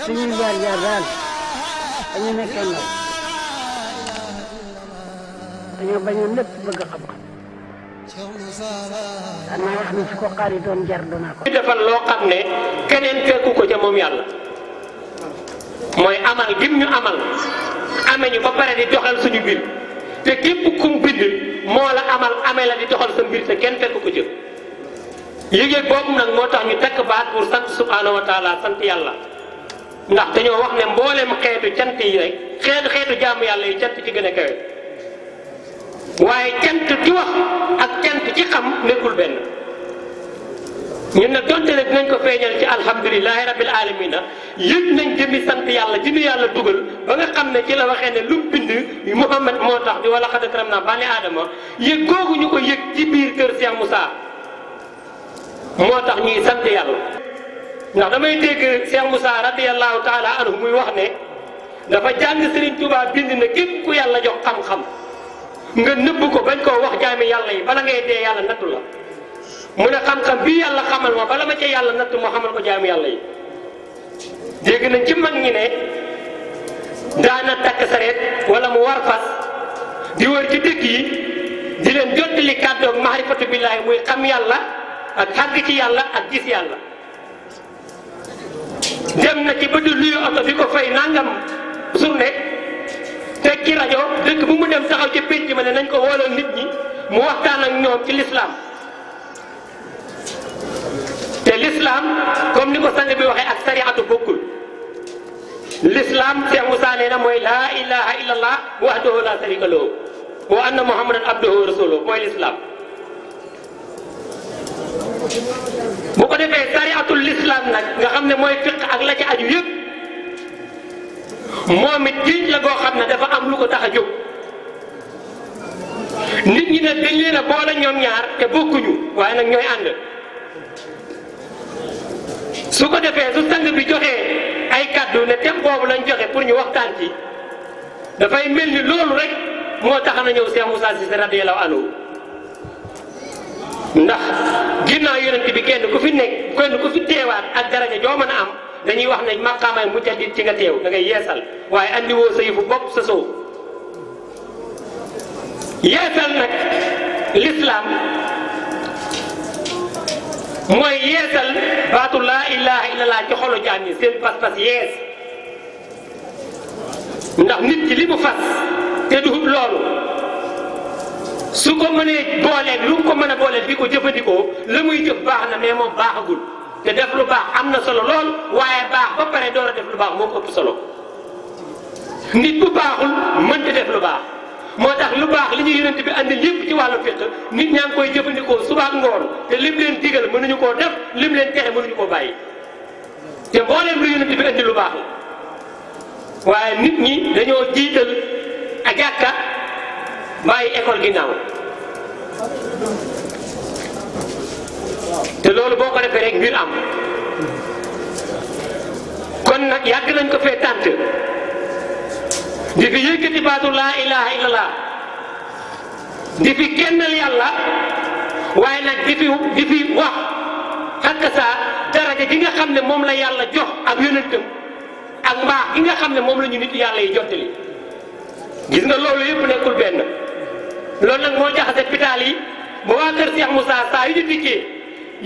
suñuy jaar jaar daal dañu nekkoon ndaw dañoo bañoon lépp bëgg xam-xam ne defal loo xam ne keneen fekku ko ca moom yàlla mooy amal gim ñu amal ame ñu ba pare di doxal suñu mbir te képp kum bind moo la amal amee la di doxal sa mbir te kenn fekku ko ca yëgeeg boobu nag moo tax ñu takk baat pour sant subhaanahu wa sant yàlla. ndax dañoo wax ne mboolem xeetu cant yi rek xeetu xeetu jaamu yàlla yi cant ci gën a kawe waaye cant ci wax ak cant ci xam nekkul benn ñun ne donte ne dinañ ko feeñal ci alhamdulilahi rabil alamina yëg nañ jëmi sant yàlla ji yàlla dugal ba nga xam ne ci la waxee ne lu mu bind Muhammad moo tax di wala xad karam naa bani aadama yëg googu ñu ko yëg ci biir kër Cheikh Moussa moo tax ñuy sant yàlla ndax damay dégg Cheikh Moussa radiyallahu taala anhu muy wax ne dafa jàng Serigne Touba bind na képp ku yàlla jox xam-xam nga nëbb ko bañ koo wax jaami yàlla yi bala ngay dee yàlla nattu la mu ne xam-xam bii yàlla xamal ma bala ma ca yàlla nattu ma xamal ko jaami yàlla yi dégg nañ ci mag ñi ne daana takk sareet wala mu war fas di wër ci dëkk yi di leen jottali kàddoog maarifatu billaahi muy xam yàlla ak xàgg ci yàlla ak gis yàlla dem na ci ba di luy oto bi ko fay nangam journée teg rajo dëkk mu dem taxaw ci pénc ma ne nañ ko woolal nit ñi mu waxtaan ak ñoom ci lislaam te lislaam comme ni ko sang bi waxe ak sariatu bokkul lislaam Cheikh Moussa nee na mooy laa ilaha illallah wahdahu la sharika lahu wa anna muhammadan abduhu wa rasuluhu mooy defee sariatul islam nag nga xam ne mooy fiq ak la ci aju yëpp moom it diin la goo xam ne dafa am lu ko tax jóg nit ñi nag dañ leen a boole ñoom ñaar te bokkuñu waaye nag ñooy ànd su ko defee su sang bi joxee ay kàddu ne thème boobu lañ joxe pour ñu waxtaan ci dafay mel ni loolu rek moo tax na ñëw Cheikh Moussa Cissé radiyallahu anhu ndax ginnaaw yonent bi kenn ku fi nekk kenn ku fi teewaat ak daraja joo mën a am dañuy wax ne maqaamaay mujjadit ci nga teew da ngay yeesal waaye andi woo sa yëfu bopp sa soow yeesal nag lislaam mooy yeesal baatu laa ilaha illallah ci xolu jaam yi seen pas-pas yees ndax nit ki li mu fas te du loolu su ko mënee booleel lu ko mën a booleel di ko jëfandikoo la muy jëf baax na mais moom baaxagul te def lu baax am na solo lool waaye baax ba pare door a def lu baax moo ko ëpp solo nit bu baaxul mënta def lu baax moo tax lu baax li ñu yonent bi andi lépp ci wàllu fiq nit ñaa koy jëfandikoo suba ak ngoon te lim leen mën mënuñu koo def lim leen tere mënuñu koo bàyyi te mbooleem lu yonent bi andi lu baax la waaye nit ñi dañoo jiital a jàkka bàyyi école ginnaaw te loolu boo ko defee rek mbir am kon nag yàgg nañ ko fee tànt di fi yëkkati baatu laa ilaha illallah di fi kennal yàlla waaye nag di fi di fi wax xakk saa daraja nga xam ne moom la yàlla jox ak yonentam ak mbaax gi nga xam ne moom lañu ñu nit yàlla yi jottali gis nga loolu yëpp nekkul loolu nag moo jaxase pitaal yi ba waa kër Cheikh Moussa saa yu ñu dikkee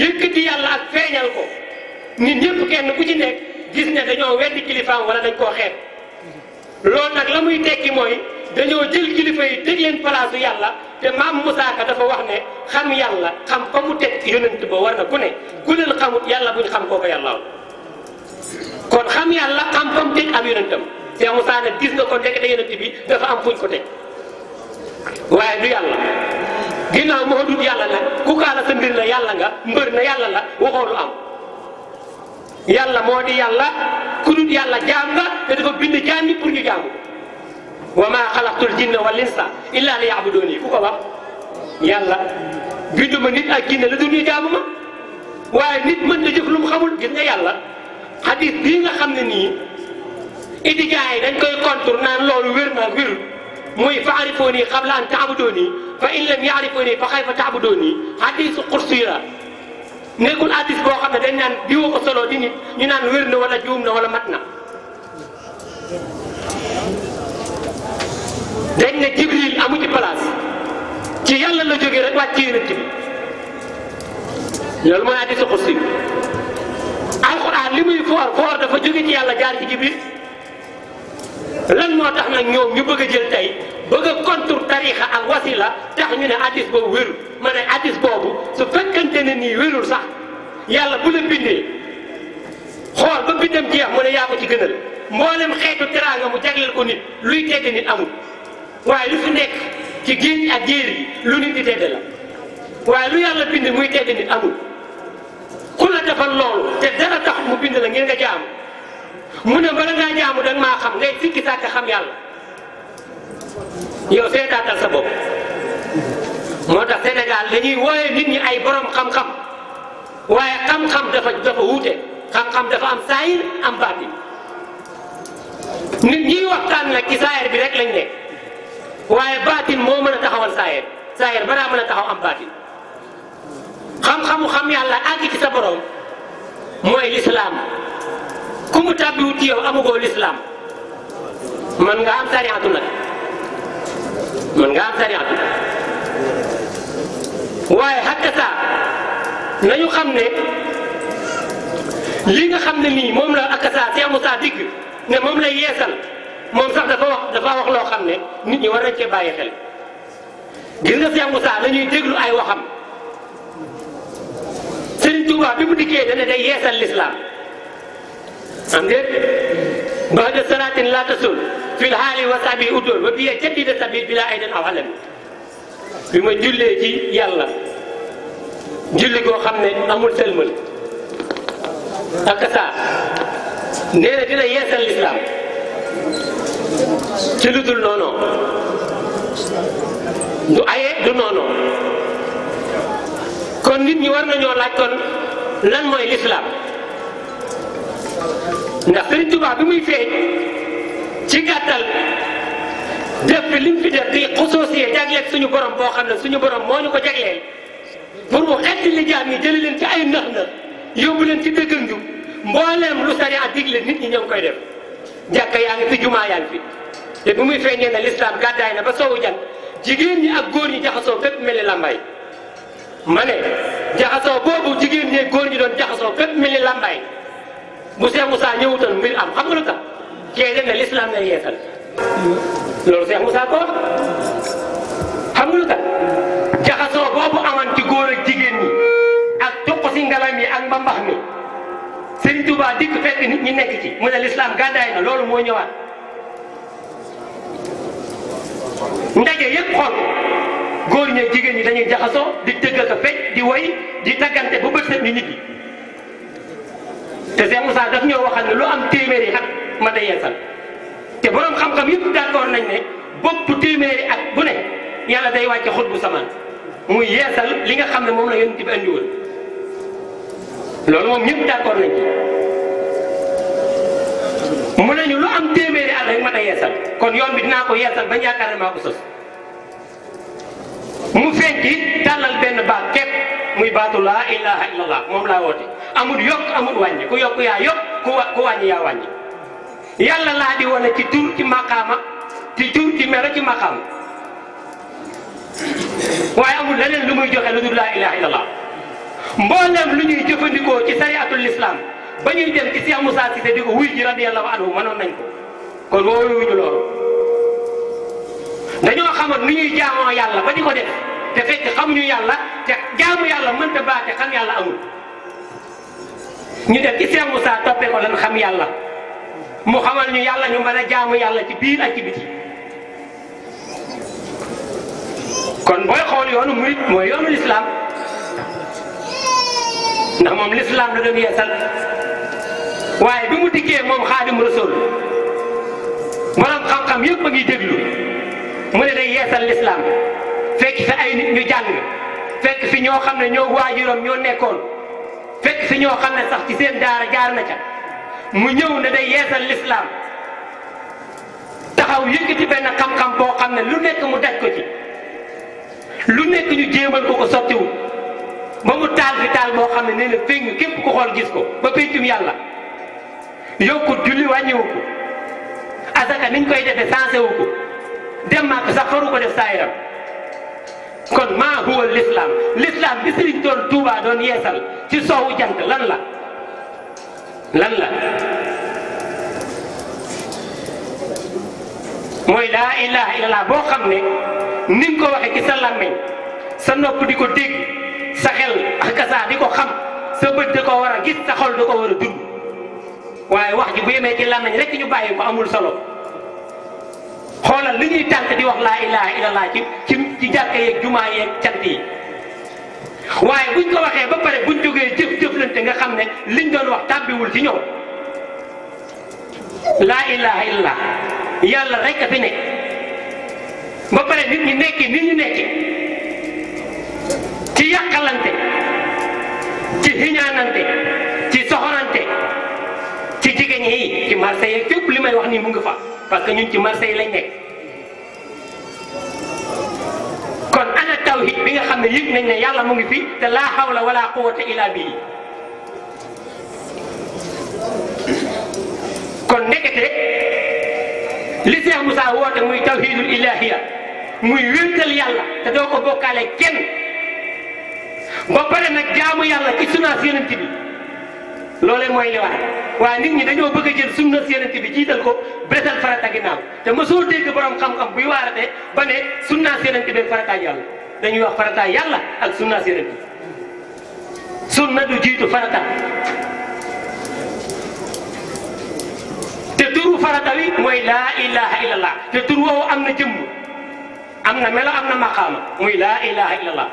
yëkkati yàlla ak feeñal ko nit ñëpp kenn ku ci nekk gis ne dañoo weddi kilifaam wala dañ koo xeeb loolu nag la muy tekki mooy dañoo jël kilifa yi teg leen palaasu yàlla te maam Moussa Ka dafa wax ne xam yàlla xam fa mu teg yonent ba war na ku ne ku leen xamut yàlla buñ xam kooku yàlla kon xam yàlla xam fa mu teg ab yonentam Cheikh Moussa nag gis nga ko ndekete yonent bi dafa am fuñ ko teg waaye du yàlla ginnaaw moo dut yàlla nag ku kaala sa mbir na yàlla nga mbër na yàlla la waxoo lu am yàlla moo di yàlla ku dut yàlla jaam nga te dafa bind jaam ñi pour ñu jaamu la du ñuy jaamu ma waaye nit mën na jëf lu mu xamul gis nga yàlla xadis bii nga xam ne nii idi jaay dañ koy contour naan loolu wér na wérul موي فاعرفوني قبل ان تعبدوني فان لم يعرفوني فكيف تعبدوني حديث قرسي نيكون حديث بو خا دي نان ديو كو سولو ولا جومنا ولا ماتنا دنا جبريل امو تي بلاص تي يالا لا جوغي رك واتي يرنتي يالما حديث قرسي القران لي موي فور فور دا فا جوغي جبريل lan moo tax nag ñoom ñu bëgg a jël tey bëgg a contour tarixa ak wasila tax ñu ne addis boobu wérul ma ne addis boobu su fekkante ne nii wérul sax yàlla bu la bindee xool ba bindam jeex mu ne yaa ko ci gënal mboolem xeetu teraanga mu jagleel ko nit luy tedd nit amul waaye lu fi nekk ci géej ak jéer yi lu nit di tedd la waaye lu yàlla bind muy tedd nit amul ku la defal loolu te dara tax mu bind la ngeen nga jaam mu ne bala ngaa jaamu da maa xam ngay sikki sàkk xam yàlla yow seetaatal sa bopp moo tax senegal dañuy wooye nit ñi ay borom xam-xam waaye xam-xam dafa dafa wuute xam-xam dafa am saayir am baatin nit ñi waxtaan nag ci saayir bi rek lañ ne waaye baatin moo mën a taxawal saayir saayir balaa mën a taxaw am baatin xam-xamu xam yàlla àgg ci sa borom mooy lislaam ku mu tàbbiwut ci yow amugoo lislaam man nga am sariatu nag man nga am sariatu waaye xatta nañu xam ne li nga xam ne nii moom la ak saa Cheikh Moussa ne moom lay yeesal moom sax dafa wax dafa wax loo xam ne nit ñi war nañ cee bàyyi xel gis nga Cheikh Moussa la déglu ay waxam Serigne Touba bi mu dikkee dana day yeesal lislaam am déet baxda salaatin la tasul fil haali wa sabi udool wa biya jadida sabil bila aydan aw alam bi ma jullee ci yàlla julli goo xam ne amul sëlmal ak saa nee na dina yeesal lislaam ci lu dul noonu du aye du noonu kon nit ñi war nañoo laaj kon lan mooy lislaam ndax Sëriñ Tuubaa bi muy feeñ ci gàttal def bi li mu fi def di xusoosiyee suñu borom boo xam ne suñu borom moo ñu ko jagleel pour mu xetti li jaam yi jëli leen ci ay nax na yóbbu leen ci dëgg njub mbooleem lu sariya digle nit ñi ñoo ngi koy def jàkka yaa ngi fi jumaa fi te bu muy feeñee ne lislaam gàddaay na ba soowu jant jigéen ñi ak góor ñi jaxasoo fépp mel ni làmbaay ma ne jaxasoo boobu jigéen ñi góor ñi doon jaxasoo fépp mel ni làmbaay Cheikh Moussa ñëwutoon mbir am xam nga lu tax kee dem ne l'islam lay yeesal loolu Cheikh Moussa ko xam nga lu tax jaxasoo boobu amoon ci góor ak jigéen ñi ak toq si ngalam yi ak mbambax mi Sëriñ Tuubaa dikk fekk nit ñi nekk ci mu ne l'islam gàddaay na loolu moo ñëwaat ndaje yëpp xool góor ñi jigéen ñi dañuy jaxasoo di tëgg ak fecc di woy di taggante bu bët set ni nit te Cheikh Moussa daf ñoo waxal ne lu am téeméeri at ma da yeesal te borom xam-xam yëpp d'accord nañ ne bopp téeméeri at bu ne yàlla day wàcce xut bu saman mu yeesal li nga xam ne moom la yonent bi andi woon loolu moom ñëpp d'accord nañ ci mu nañu lu am téeméeri at rek ma da yeesal kon yoon bi dinaa ko yeesal ba yaakaar ne maa mu feeñ ci tàllal benn baat muy baatu laa ilaha illallah moom laa woote amul yokk amul wàññi ku yokk yaa yokk ku wa wàññi yaa wàññi yàlla laa di wane ci tur ci maqaama ci tur ci mero ci maqaama waaye amul leneen lu muy joxe lu dul laa ilaha mboolem lu ñuy jëfandikoo ci sariatul islam ba ñuy dem ci Cheikh Moussa Cissé di ko wuy ji radiyallahu anhu mënoon nañ ko kon woowee wuñu loolu dañoo xamoon nu ñuy jaamoo yàlla ba di ko def. te fekk xamuñu yàlla te jaamu yàlla mënta baax te xam yàlla amul ñu def ci Seex Musaa toppee lan xam yàlla mu xamal ñu yàlla ñu mën a jaamu yàlla ci biir ak ci biti kon booy xool yoonu murit mooy yoonu lislaam ndax moom lislaam la du yeesal waaye bi mu dikkee moom xaadim rasul borom xam-xam yëpp a ngi déglu mu ne day yeesal lislaam fekk fi ay nit ñu jàng fekk fi ñoo xam ne ñoo waajuram ñoo nekkoon fekk fi ñoo xam ne sax ci seen daara jaar na ca mu ñëw ne day yeesal lislaam taxaw yëkkati benn xam-xam boo xam ne lu nekk mu daj ko ci lu nekk ñu jéemal ko ko sottiwul ba mu taal fi taal boo xam ne nee na fekk képp ku xool gis ko ba péccum yàlla yokkut julli wàññiwu ko asaka niñ koy defee sensé wu ko dem màkk sax faru ko def saa kon maa huwa l'islam l'islam bi sëriñ doon Touba doon yeesal ci soowu jant lan la lan la mooy laa ilaha illallah boo xam ne ni ko waxee ci sa làmmiñ sa nopp di ko dégg sa xel ak saa di ko xam sa bët da ko war a gis sa xol da ko war a dund waaye wax ji bu yemee ci làmmiñ rek ñu bàyyi ko amul solo xoolal li ñuy tànk di wax laa ilaha illallah ci ci ci jàkka yeeg jumaa yeeg cant yi waaye buñ ko waxee ba pare buñ jógee jëf-jëflante nga xam ne liñ doon wax tàbbiwul ci ñoom laa ilaha illallah yàlla rek a fi ba pare nit ñi nekki nit ñu nekki ci yàqalante ci xiñaanante ci soxorante ci jigéen yi ci marché yeeg fépp li may wax nii mu ngi fa parce que ñun ci Marseille lañ nekk kon ana tawhid bi nga xam ne yëg nañ ne yàlla mu ngi fi te laa hawla wala quwwata illa bihi kon ndekete li Cheikh Moussa woote muy tawhidul ilahiya muy wéetal yàlla te doo ko bokkaale kenn ba pare nag jaamu yàlla ci sunna yonent bi loolee mooy li war waaye nit ñi dañoo bëgg a jël sunna yonent bi jiital ko betal farata ginnaaw te mosoo dégg borom xam-xam buy waarate ba sunna yonent bi farata yàlla dañuy wax farata yàlla ak sunna yonent bi sunna du jiitu farata te turu farata wi mooy la ilaha illallah te tur woowu am na jëmm am na melo am na maqaama muy laa ilaha illallah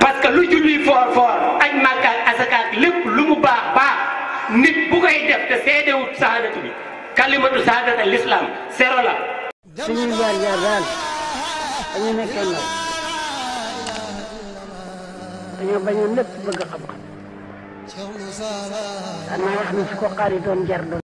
parce que lu julli foor foor aj màkkaak asakaak lépp lu mu baax baax nit bu koy def te seedewut saxaadatu bi kalimatu saadata l'islam sero la suñuy jaar jaar daal dañu nekkoon la dañoo bañoon lépp bëgg xam-xam daan naa wax ne su ko xaaritoon jar doon